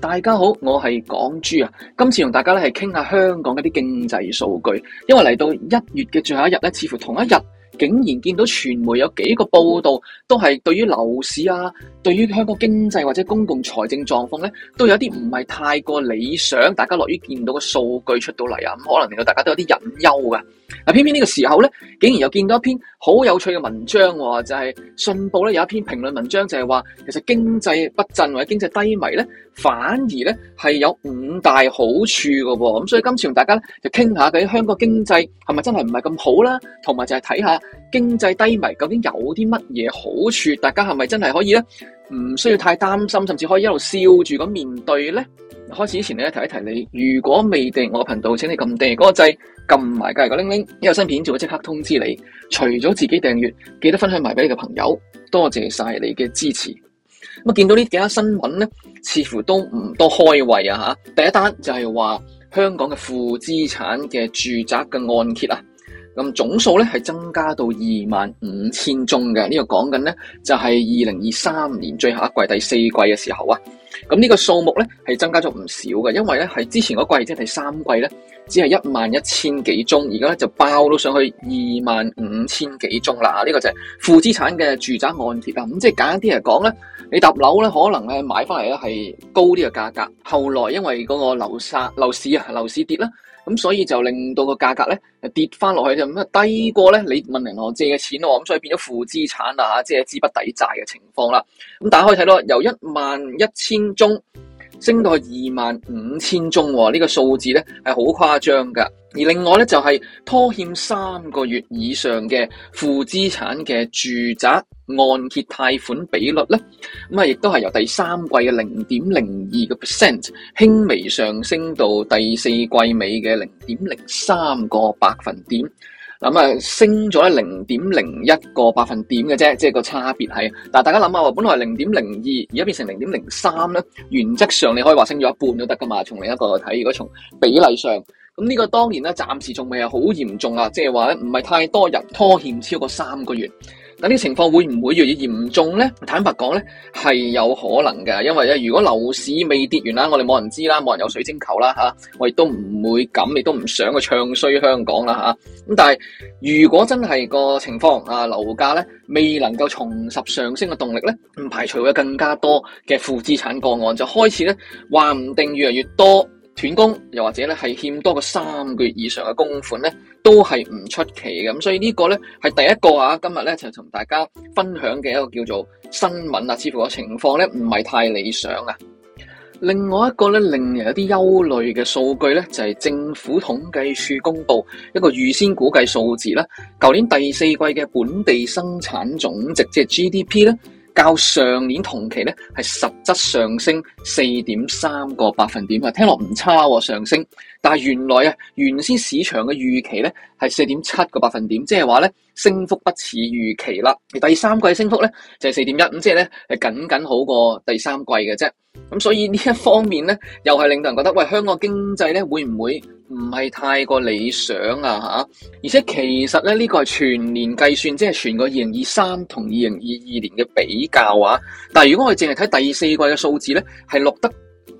大家好，我係港豬啊！今次同大家咧係傾下香港嗰啲經濟數據，因為嚟到一月嘅最後一日咧，似乎同一日竟然見到傳媒有幾個報道，都係對於樓市啊，對於香港經濟或者公共財政狀況咧，都有啲唔係太過理想。大家樂於見到個數據出到嚟啊，咁可能令到大家都有啲隱憂噶。嗱，偏偏呢個時候咧，竟然又見到一篇好有趣嘅文章喎，就係《信報》咧有一篇評論文章，就係話其實經濟不振或者經濟低迷咧，反而咧係有五大好處嘅喎。咁所以今次同大家咧就傾下，佢香港經濟係咪真係唔係咁好啦，同埋就係睇下經濟低迷究竟有啲乜嘢好處，大家係咪真係可以咧，唔需要太擔心，甚至可以一路笑住咁面對呢。開始之前你提一提你，如果未訂我頻道，請你撳訂個掣，撳埋隔籬個鈴鈴，一有新片就會即刻通知你。除咗自己訂閱，記得分享埋俾你嘅朋友，多謝晒你嘅支持。咁、嗯、見見到呢幾單新聞呢，似乎都唔多開胃啊嚇。第一單就係話香港嘅負資產嘅住宅嘅按揭啊。咁總數咧係增加到二萬五千宗嘅，這個，呢個講緊咧就係二零二三年最後一季第四季嘅時候啊。咁呢個數目咧係增加咗唔少嘅，因為咧係之前嗰季即係第三季咧，只係一萬一千幾宗，而家咧就包到上去二萬五千幾宗啦。呢、這個就係負資產嘅住宅按揭啦。咁即係簡單啲嚟講咧，你搭樓咧可能咧買翻嚟咧係高啲嘅價格，後來因為嗰個流樓市啊樓市跌啦。咁所以就令到個價格咧跌翻落去就咁啊低過咧，你問銀行借嘅錢喎，咁所以變咗負資產啦吓，即係資不抵債嘅情況啦。咁大家可以睇到由一萬一千宗。升到二萬五千宗喎，呢個數字呢，係好誇張㗎。而另外呢，就係拖欠三個月以上嘅負資產嘅住宅按揭貸款比率呢，咁啊亦都係由第三季嘅零點零二個 percent 輕微上升到第四季尾嘅零點零三個百分點。咁啊，升咗零點零一個百分點嘅啫，即係個差別係。但大家諗下，話本來係零點零二，而家變成零點零三咧，原則上你可以話升咗一半都得噶嘛。從另一個睇，如果從比例上，咁呢個當然呢，暫時仲未係好嚴重啊，即係話咧，唔係太多人拖欠超過三個月。咁呢情況會唔會越嚟越嚴重呢？坦白講呢，係有可能㗎。因為咧，如果樓市未跌完啦，我哋冇人知啦，冇人有水晶球啦嚇，我亦都唔會咁，亦都唔想去唱衰香港啦嚇。咁但係，如果真係個情況啊，樓價未能夠重拾上升嘅動力呢，唔排除會有更加多嘅負資產個案，就開始呢話唔定越嚟越多斷供，又或者呢係欠多個三個月以上嘅供款呢。都係唔出奇嘅，咁所以呢個呢，係第一個啊，今日呢，就同大家分享嘅一個叫做新聞啊，似乎個情況呢唔係太理想啊。另外一個令人有啲憂慮嘅數據呢，就係、是、政府統計處公布一個預先估計數字啦。舊年第四季嘅本地生產總值即係 GDP 呢，較上年同期呢係實質上升四點三個百分點啊，聽落唔差喎，上升。但係原來啊，原先市場嘅預期咧係四點七個百分點，即係話咧升幅不似預期啦。第三季升幅咧就係四點一，咁即係咧係僅僅好過第三季嘅啫。咁所以呢一方面咧，又係令到人覺得喂，香港經濟咧會唔會唔係太過理想啊？嚇！而且其實咧呢、呢個係全年計算，即係全個二零二三同二零二二年嘅比較啊。但係如果我哋淨係睇第四季嘅數字咧，係錄得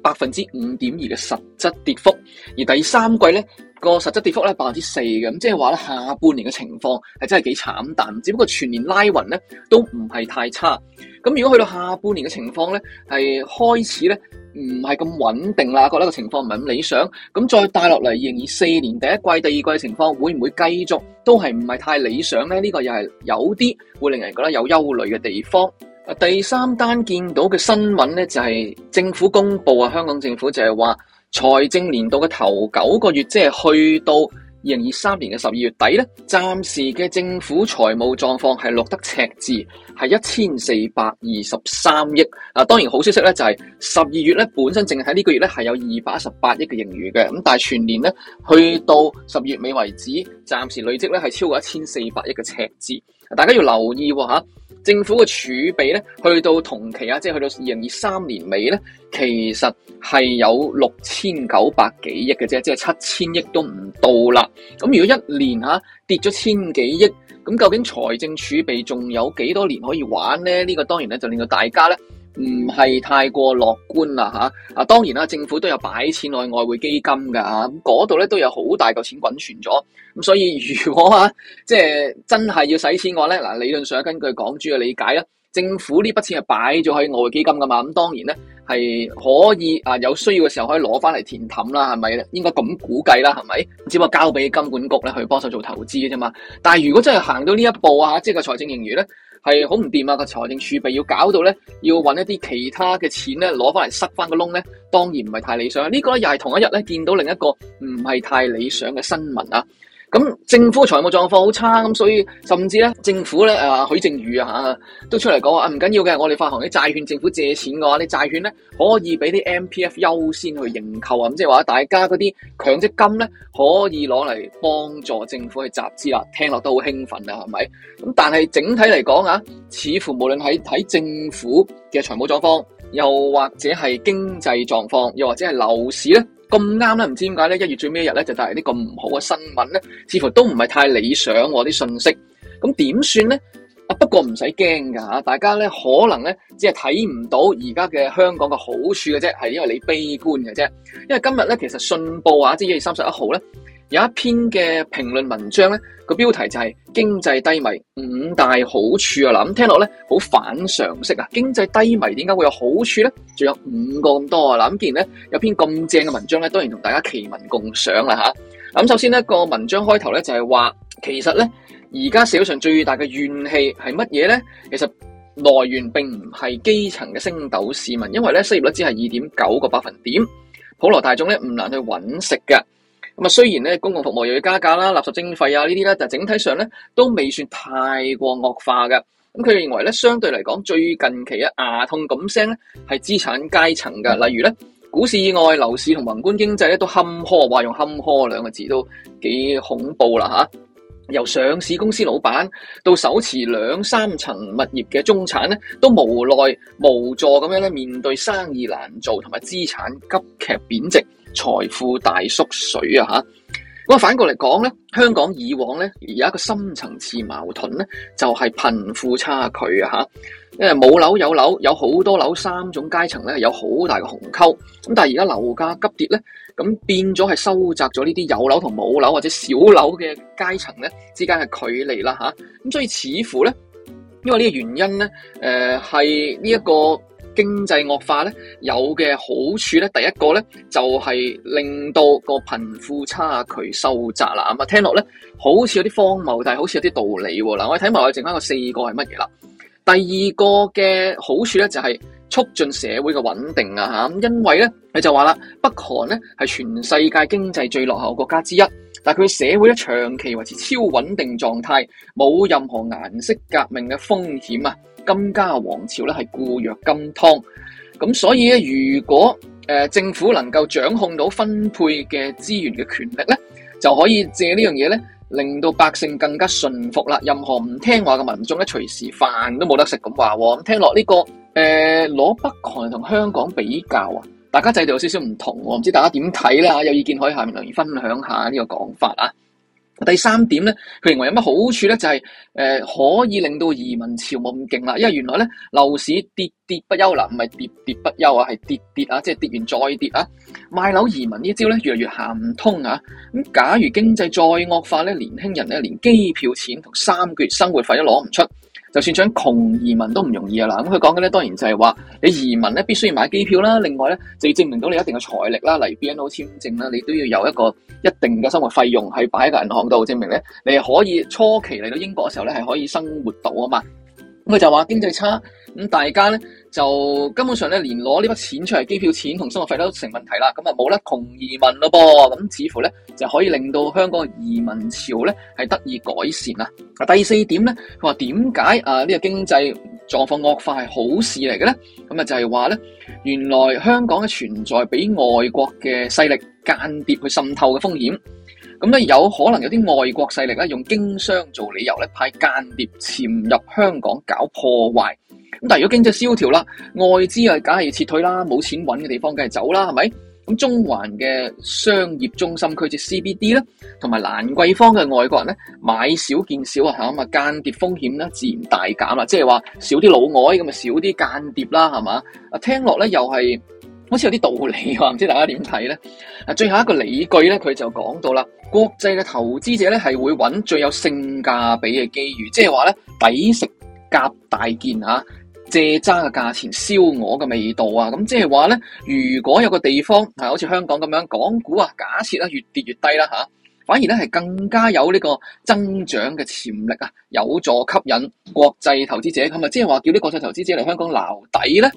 百分之五點二嘅實質跌幅，而第三季呢個實質跌幅呢，百分之四嘅，咁即係話呢，下半年嘅情況係真係幾慘淡，只不過全年拉勻呢都唔係太差。咁如果去到下半年嘅情況呢，係開始呢唔係咁穩定啦，覺得個情況唔係咁理想。咁再帶落嚟，二零二四年第一季、第二季嘅情況會唔會繼續都係唔係太理想呢？呢個又係有啲會令人覺得有憂慮嘅地方。第三單見到嘅新聞呢，就係政府公布啊，香港政府就係話財政年度嘅頭九個月，即係去到二零二三年嘅十二月底呢，暫時嘅政府財務狀況係錄得赤字，係一千四百二十三億。嗱，當然好消息呢，就係十二月呢本身淨係喺呢個月呢，係有二百一十八億嘅盈餘嘅，咁但係全年呢，去到十二月尾為止，暫時累積呢係超過一千四百億嘅赤字。大家要留意喎，政府嘅儲備咧，去到同期啊，即係去到二零二三年尾咧，其實係有六千九百幾億嘅啫，即係七千億都唔到啦。咁如果一年下跌咗千幾億，咁究竟財政儲備仲有幾多年可以玩咧？呢個當然咧，就令到大家咧，唔係太過樂觀啦吓，啊，啊當然啦，政府都有擺錢去外匯基金噶吓，咁嗰度咧都有好大嚿錢滾存咗，咁、啊、所以如果啊，即、就、係、是、真係要使錢嘅話咧，嗱理論上根據港豬嘅理解啦，政府呢筆錢係擺咗喺外匯基金噶嘛，咁、啊、當然咧係可以啊有需要嘅時候可以攞翻嚟填氹啦，係咪咧？應該咁估計啦，係咪？只不過交俾金管局咧去幫手做投資嘅啫嘛，但係如果真係行到呢一步啊，即係個財政盈餘咧？係好唔掂啊！個財政儲備要搞到咧，要搵一啲其他嘅錢咧，攞翻嚟塞翻個窿咧，當然唔係太理想。呢個、呢個又係同一日咧，見到另一個唔係太理想嘅新聞啊！咁政府財務狀況好差，咁所以甚至咧政府咧啊許正宇啊都出嚟講，話啊，唔緊要嘅，我哋發行啲債券，政府借錢嘅話，啲債券咧可以俾啲 MPF 優先去認購啊，咁即係話大家嗰啲強積金咧可以攞嚟幫助政府去集資啊，聽落都好興奮啊，係咪？咁但係整體嚟講啊，似乎無論係睇政府嘅財務狀況，又或者係經濟狀況，又或者係樓市咧。咁啱咧，唔知點解咧？一月最尾一日咧，就帶嚟啲咁唔好嘅新聞咧，似乎都唔係太理想喎、啊、啲信息。咁點算咧？啊不過唔使驚㗎嚇，大家咧可能咧只係睇唔到而家嘅香港嘅好處嘅啫，係因為你悲觀嘅啫。因為今日咧其實信報啊，即係一月三十一號咧。有一篇嘅評論文章咧，個標題就係、是、經濟低迷五大好處啊！嗱，咁聽落咧好反常識啊！經濟低迷點解會有好處咧？仲有五個咁多啊！嗱，咁既然咧有篇咁正嘅文章咧，當然同大家奇文共賞啦！吓，咁首先呢、這個文章開頭咧就係話，其實咧而家社會上最大嘅怨氣係乜嘢咧？其實來源並唔係基層嘅星斗市民，因為咧失業率只係二點九個百分點，普羅大眾咧唔難去揾食嘅。咁啊，雖然咧公共服務又要加價啦，垃圾徵費啊呢啲咧，但整體上咧都未算太過惡化嘅。咁佢哋認為咧，相對嚟講最近期啊牙痛咁聲咧，係資產階層嘅。例如咧，股市以外、樓市同宏觀經濟咧都坎坷，話用坎坷兩個字都幾恐怖啦嚇。由上市公司老闆到手持兩三層物業嘅中產咧，都無奈無助咁樣咧面對生意難做同埋資產急劇貶值。財富大縮水啊！吓，咁啊，反過嚟講咧，香港以往咧而有一個深層次矛盾咧，就係貧富差距啊！吓，因為冇樓有樓，有好多樓，三種階層咧有好大嘅鴻溝。咁但係而家樓價急跌咧，咁變咗係收窄咗呢啲有樓同冇樓或者小樓嘅階層咧之間嘅距離啦！吓，咁所以似乎咧，因為呢個原因咧，誒係呢一個。經濟惡化咧，有嘅好處咧，第一個咧就係令到個貧富差距收窄啦。咁啊，聽落咧好似有啲荒謬，但係好似有啲道理喎。嗱，我哋睇埋我剩翻個四個係乜嘢啦？第二個嘅好處咧就係促進社會嘅穩定啊嚇。咁因為咧，佢就話啦，北韓咧係全世界經濟最落後國家之一，但係佢社會咧長期維持超穩定狀態，冇任何顏色革命嘅風險啊。金家王朝咧係固若金湯，咁所以咧，如果誒、呃、政府能夠掌控到分配嘅資源嘅權力咧，就可以借這件事呢樣嘢咧，令到百姓更加順服啦。任何唔聽話嘅民眾咧，隨時飯都冇得食咁話。咁、哦、聽落呢、這個誒、攞、呃、北韓同香港比較啊，大家制度有少少唔同，唔、哦、知道大家點睇啦？有意見可以下面留言分享一下呢個講法啊。第三點咧，佢認為有乜好處咧？就係呃，可以令到移民潮冇咁勁啦，因為原來咧樓市跌跌不休啦，唔係跌跌不休啊，係跌跌啊，即係跌完再跌啊，賣樓移民呢招咧越嚟越行唔通啊！咁假如經濟再惡化咧，年輕人咧連機票錢同三個月生活費都攞唔出。就算想窮移民都唔容易啊啦，咁佢講嘅咧當然就係話你移民咧必須要買機票啦，另外咧就要證明到你一定嘅財力啦，例如 BNO 簽證啦，你都要有一個一定嘅生活費用係擺喺個銀行度證明咧，你係可以初期嚟到英國嘅時候咧係可以生活到啊嘛，咁佢就話經濟差。咁大家咧就根本上咧，連攞呢筆錢出嚟，機票錢同生活費都成問題啦。咁啊，冇得窮移民咯噃。咁似乎咧就可以令到香港移民潮咧係得以改善啦。第四點咧，佢話點解啊？呢個經濟狀況惡化係好事嚟嘅咧？咁啊，就係話咧，原來香港嘅存在俾外國嘅勢力間諜去滲透嘅風險。咁咧，有可能有啲外國勢力咧用經商做理由咧派間諜潛入香港搞破壞。咁但係如果經濟蕭條啦，外資啊梗係要撤退啦，冇錢揾嘅地方梗係走啦，係咪？咁中環嘅商業中心區即係 CBD 啦同埋蘭桂坊嘅外國人咧買少見少啊咁嘛，間諜風險咧自然大減啦即係話少啲老外咁啊，少啲間諜啦係嘛？啊聽落咧又係好似有啲道理喎，唔知大家點睇咧？啊最後一個理據咧，佢就講到啦，國際嘅投資者咧係會揾最有性價比嘅機遇，即係話咧抵食夾大件嚇。蔗渣嘅價錢、燒鵝嘅味道啊，咁即係話呢，如果有個地方好似香港咁樣，港股啊，假設咧越跌越低啦吓，反而呢係更加有呢個增長嘅潛力啊，有助吸引國際投資者咁啊，即係話叫啲國際投資者嚟香港撈底呢。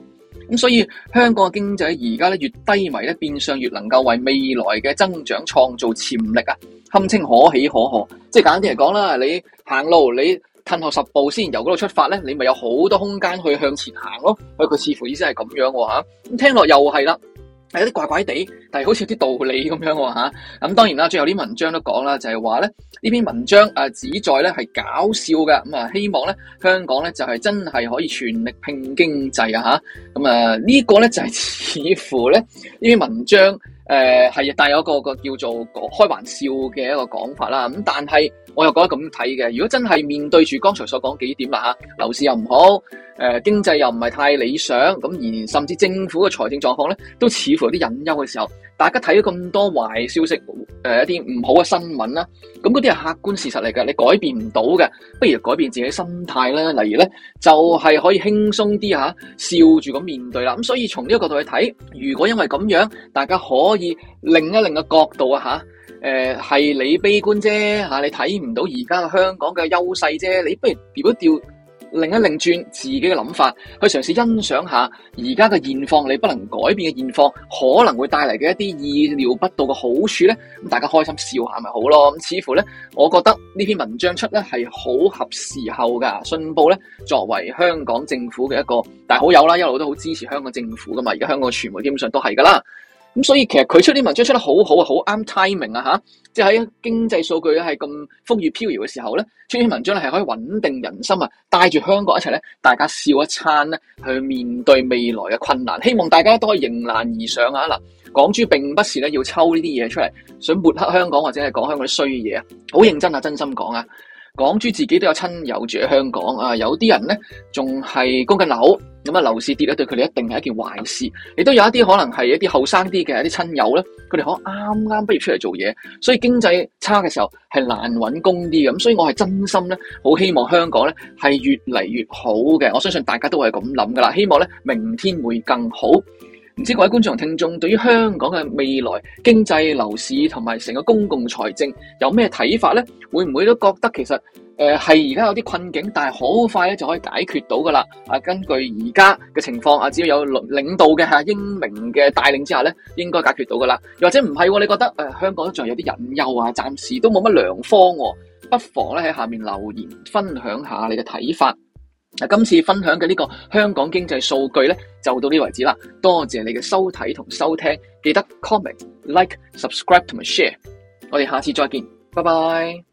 咁所以香港嘅經濟而家呢越低迷呢，變相越能夠為未來嘅增長創造潛力啊，堪稱可喜可賀。即係簡單啲嚟講啦，你行路你，退後十步先由嗰度出發咧，你咪有好多空間去向前行咯。所以佢似乎意思係咁樣吓，咁聽落又係啦，係有啲怪怪地，但係好似有啲道理咁樣吓。咁當然啦，最後啲文章都講啦，就係話咧呢篇文章誒旨、啊、在咧係搞笑嘅，咁、嗯、啊希望咧香港咧就係、是、真係可以全力拼經濟啊吓。咁、嗯、啊、這個、呢個咧就係、是、似乎咧呢篇文章。誒，係、呃，但係有個個叫做講開玩笑嘅一個講法啦，咁但係我又覺得咁睇嘅。如果真係面對住剛才所講幾點啦，吓樓市又唔好，誒、呃、經濟又唔係太理想，咁而甚至政府嘅財政狀況咧，都似乎有啲隱憂嘅時候。大家睇咗咁多壞消息，誒、呃，一啲唔好嘅新聞啦，咁嗰啲係客觀事實嚟嘅，你改變唔到嘅，不如改變自己心態啦。例如咧，就係、是、可以輕鬆啲吓，笑住咁面對啦。咁所以從呢個角度去睇，如果因為咁樣，大家可以另一另一個角度啊吓，誒、呃，係你悲觀啫吓，你睇唔到而家香港嘅優勢啫，你不如如果調。擰一擰轉自己嘅諗法，去嘗試欣賞下而家嘅現況，你不能改變嘅現況，可能會帶嚟嘅一啲意料不到嘅好處咧。咁大家開心笑下咪好咯。咁似乎咧，我覺得呢篇文章出咧係好合時候噶信報咧作為香港政府嘅一個大好友啦，一路都好支持香港政府噶嘛。而家香港傳媒基本上都係噶啦。咁所以其實佢出啲文章出得好好啊，好啱 timing 啊吓，即係喺經濟數據係咁風雨飄搖嘅時候咧，出啲文章咧係可以穩定人心啊，帶住香港一齊咧，大家笑一餐咧去面對未來嘅困難。希望大家都可以迎難而上啊！嗱，港豬並不是咧要抽呢啲嘢出嚟，想抹黑香港或者係講香港啲衰嘢啊！好認真啊，真心講啊！港豬自己都有親友住喺香港啊，有啲人咧仲係供緊樓，咁啊樓市跌咧對佢哋一定係一件壞事。亦都有一啲可能係一啲後生啲嘅一啲親友咧，佢哋可能啱啱畢業出嚟做嘢，所以經濟差嘅時候係難揾工啲。咁所以我係真心咧，好希望香港咧係越嚟越好嘅。我相信大家都會係咁諗噶啦，希望咧明天會更好。唔知各位觀眾同聽眾對於香港嘅未來經濟樓市同埋成個公共財政有咩睇法呢？會唔會都覺得其實誒係而家有啲困境，但係好快咧就可以解決到噶啦？啊，根據而家嘅情況啊，只要有領導嘅英明嘅帶領之下呢，應該解決到噶啦。又或者唔係、喎、你覺得、呃、香港仲有啲隱憂啊？暫時都冇乜良方、喎，不妨咧喺下面留言分享下你嘅睇法。今次分享嘅呢個香港經濟數據呢，就到呢為止啦。多謝你嘅收睇同收聽，記得 comment、like、subscribe 同 share。我哋下次再見，拜拜。